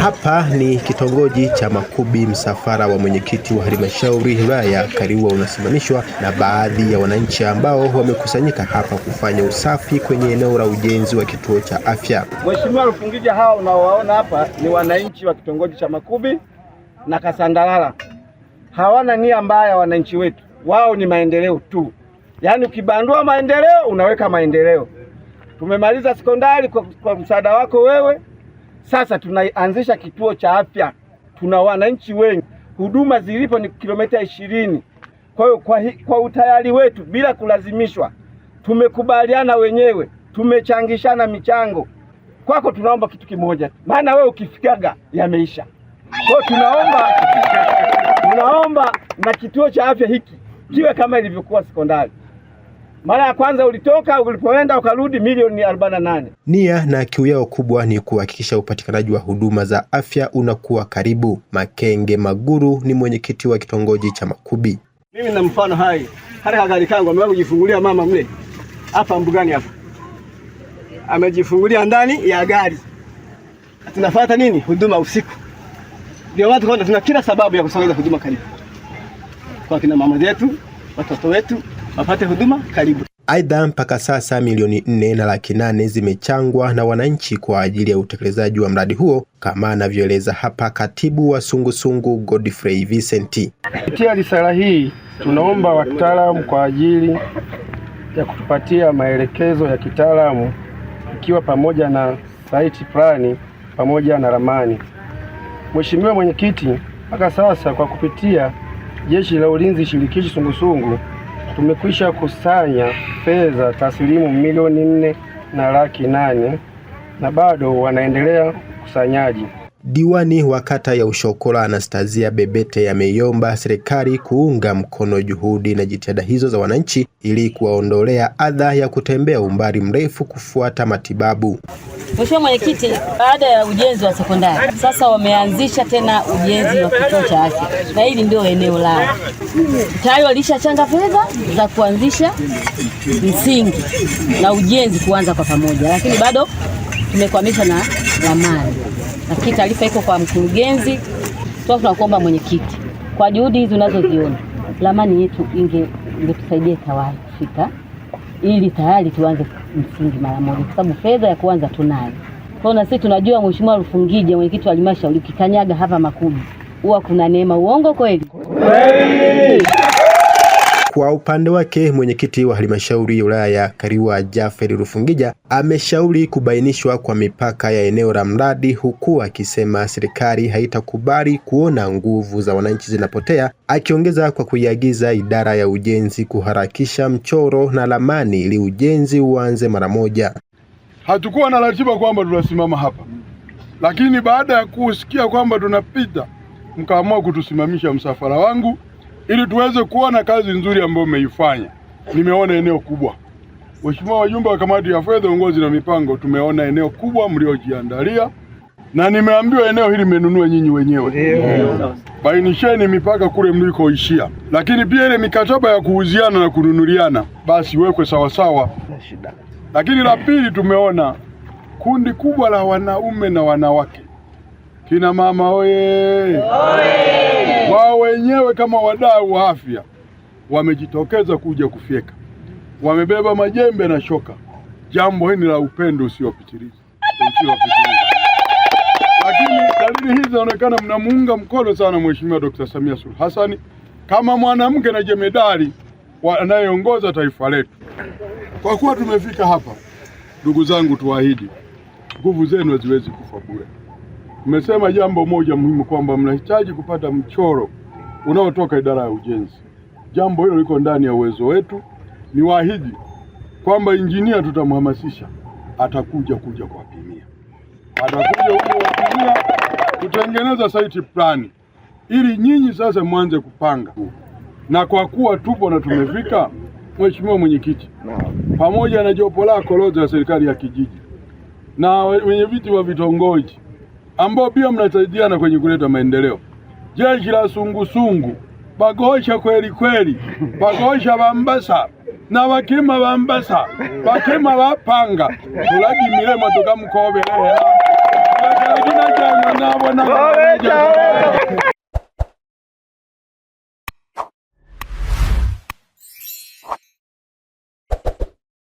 Hapa ni kitongoji cha Makubi. Msafara wa mwenyekiti wa halmashauri wilaya Kaliua unasimamishwa na baadhi ya wananchi ambao wamekusanyika hapa kufanya usafi kwenye eneo la ujenzi wa kituo cha afya. Mheshimiwa Rufungija, hawa unaowaona hapa ni wananchi wa kitongoji cha Makubi na Kasandalala. Hawana nia mbaya wananchi wetu, wao ni maendeleo tu. Yaani ukibandua maendeleo unaweka maendeleo. Tumemaliza sekondari kwa, kwa msaada wako wewe. Sasa tunaanzisha kituo cha afya, tuna wananchi wengi, huduma zilipo ni kilomita ishirini. Kwa hiyo kwa, kwa utayari wetu bila kulazimishwa, tumekubaliana wenyewe, tumechangishana michango. Kwako tunaomba kitu kimoja, maana wewe ukifikaga yameisha. Kwa hiyo tunaomba tunaomba na kituo cha afya hiki kiwe kama ilivyokuwa sekondari mara ya kwanza ulitoka, ulipoenda ukarudi milioni 48. Nia na kiu yao kubwa ni kuhakikisha upatikanaji wa huduma za afya unakuwa karibu. Makenge Maguru ni mwenyekiti wa kitongoji cha Makubi. Mimi na mfano hai hali hagari kangu amewahi kujifungulia mama mle hapa mbugani hapa, amejifungulia ndani ya gari. Tunafuata nini? Huduma usiku. Ndio watu tuna kila sababu ya kusogeza huduma karibu kwa kina mama zetu, watoto wetu wapate huduma karibu. Aidha, mpaka sasa milioni nne na laki nane zimechangwa na wananchi kwa ajili ya utekelezaji wa mradi huo, kama anavyoeleza hapa katibu wa sungusungu Godfrey Vincent. Kupitia risala hii tunaomba wataalamu kwa ajili ya kutupatia maelekezo ya kitaalamu ikiwa pamoja na site plan pamoja na ramani. Mheshimiwa Mwenyekiti, mpaka sasa kwa kupitia Jeshi la Ulinzi Shirikishi sungusungu tumekwisha kusanya fedha taslimu milioni nne na laki nane na bado wanaendelea kusanyaji Diwani wa kata ya Ushokola Anastasia Bebete ameiomba serikali kuunga mkono juhudi na jitihada hizo za wananchi ili kuwaondolea adha ya kutembea umbali mrefu kufuata matibabu. Mheshimiwa Mwenyekiti, baada ya ujenzi wa sekondari sasa wameanzisha tena ujenzi wa kituo cha afya, na hili ndio eneo lao. Tayari walishachanga fedha za kuanzisha msingi na ujenzi kuanza kwa pamoja, lakini bado tumekwamisha na zamani, lakini taarifa iko kwa mkurugenzi. Sasa tunakuomba mwenyekiti, kwa juhudi hizi unazoziona, ramani yetu inge ingetusaidia tawali kufika, ili tayari tuanze msingi mara moja, kwa sababu fedha ya kuanza tunayo. Kwa na sisi tunajua Mheshimiwa Rufungija, mwenyekiti wa halmashauri, ukikanyaga hapa Makumi huwa kuna neema. Uongo kweli? Kwa upande wake mwenyekiti wa halmashauri ya wilaya ya Kaliua Jaferi Rufungija ameshauri kubainishwa kwa mipaka ya eneo la mradi, huku akisema serikali haitakubali kuona nguvu za wananchi zinapotea, akiongeza kwa kuiagiza idara ya ujenzi kuharakisha mchoro na ramani ili ujenzi uanze mara moja. Hatukuwa na ratiba kwamba tunasimama hapa, lakini baada ya kusikia kwamba tunapita, mkaamua kutusimamisha msafara wangu ili tuweze kuona kazi nzuri ambayo umeifanya. Nimeona eneo kubwa, Mheshimiwa wajumbe wa kamati ya fedha, uongozi na mipango, tumeona eneo kubwa mliojiandalia, na nimeambiwa eneo hili mmenunua nyinyi wenyewe yeah. Bainisheni mipaka kule mlikoishia, lakini pia ile mikataba ya kuuziana na kununuliana basi wekwe sawasawa. Lakini la pili, tumeona kundi kubwa la wanaume na wanawake, kina mama oye, oye wao wenyewe kama wadau wa afya wamejitokeza kuja kufyeka, wamebeba majembe na shoka. Jambo hili la upendo usiopitiliza, lakini dalili hizi zinaonekana mnamuunga mkono sana Mheshimiwa Dkt. Samia Suluhu Hassan kama mwanamke na jemedari anayeongoza taifa letu. Kwa kuwa tumefika hapa, ndugu zangu, tuahidi nguvu zenu haziwezi kufa bure. Mmesema jambo moja muhimu kwamba mnahitaji kupata mchoro unaotoka idara ya ujenzi. Jambo hilo liko ndani ya uwezo wetu. Niwaahidi kwamba injinia tutamhamasisha, atakuja kuja kuwapimia, atakuja kuja kuwapimia. Tutengeneza site plan ili nyinyi sasa mwanze kupanga, na kwa kuwa tupo na tumefika, Mheshimiwa Mwenyekiti, pamoja na jopo lako lote la serikali ya kijiji na wenyeviti wa vitongoji ambao pia mnasaidiana kwenye kuleta maendeleo. Jeshi la sungusungu bagosha kweli kweli, bagosha bambasa na wakima bambasa wakima wapanga tulagimile milema tukamkobe eha agina jango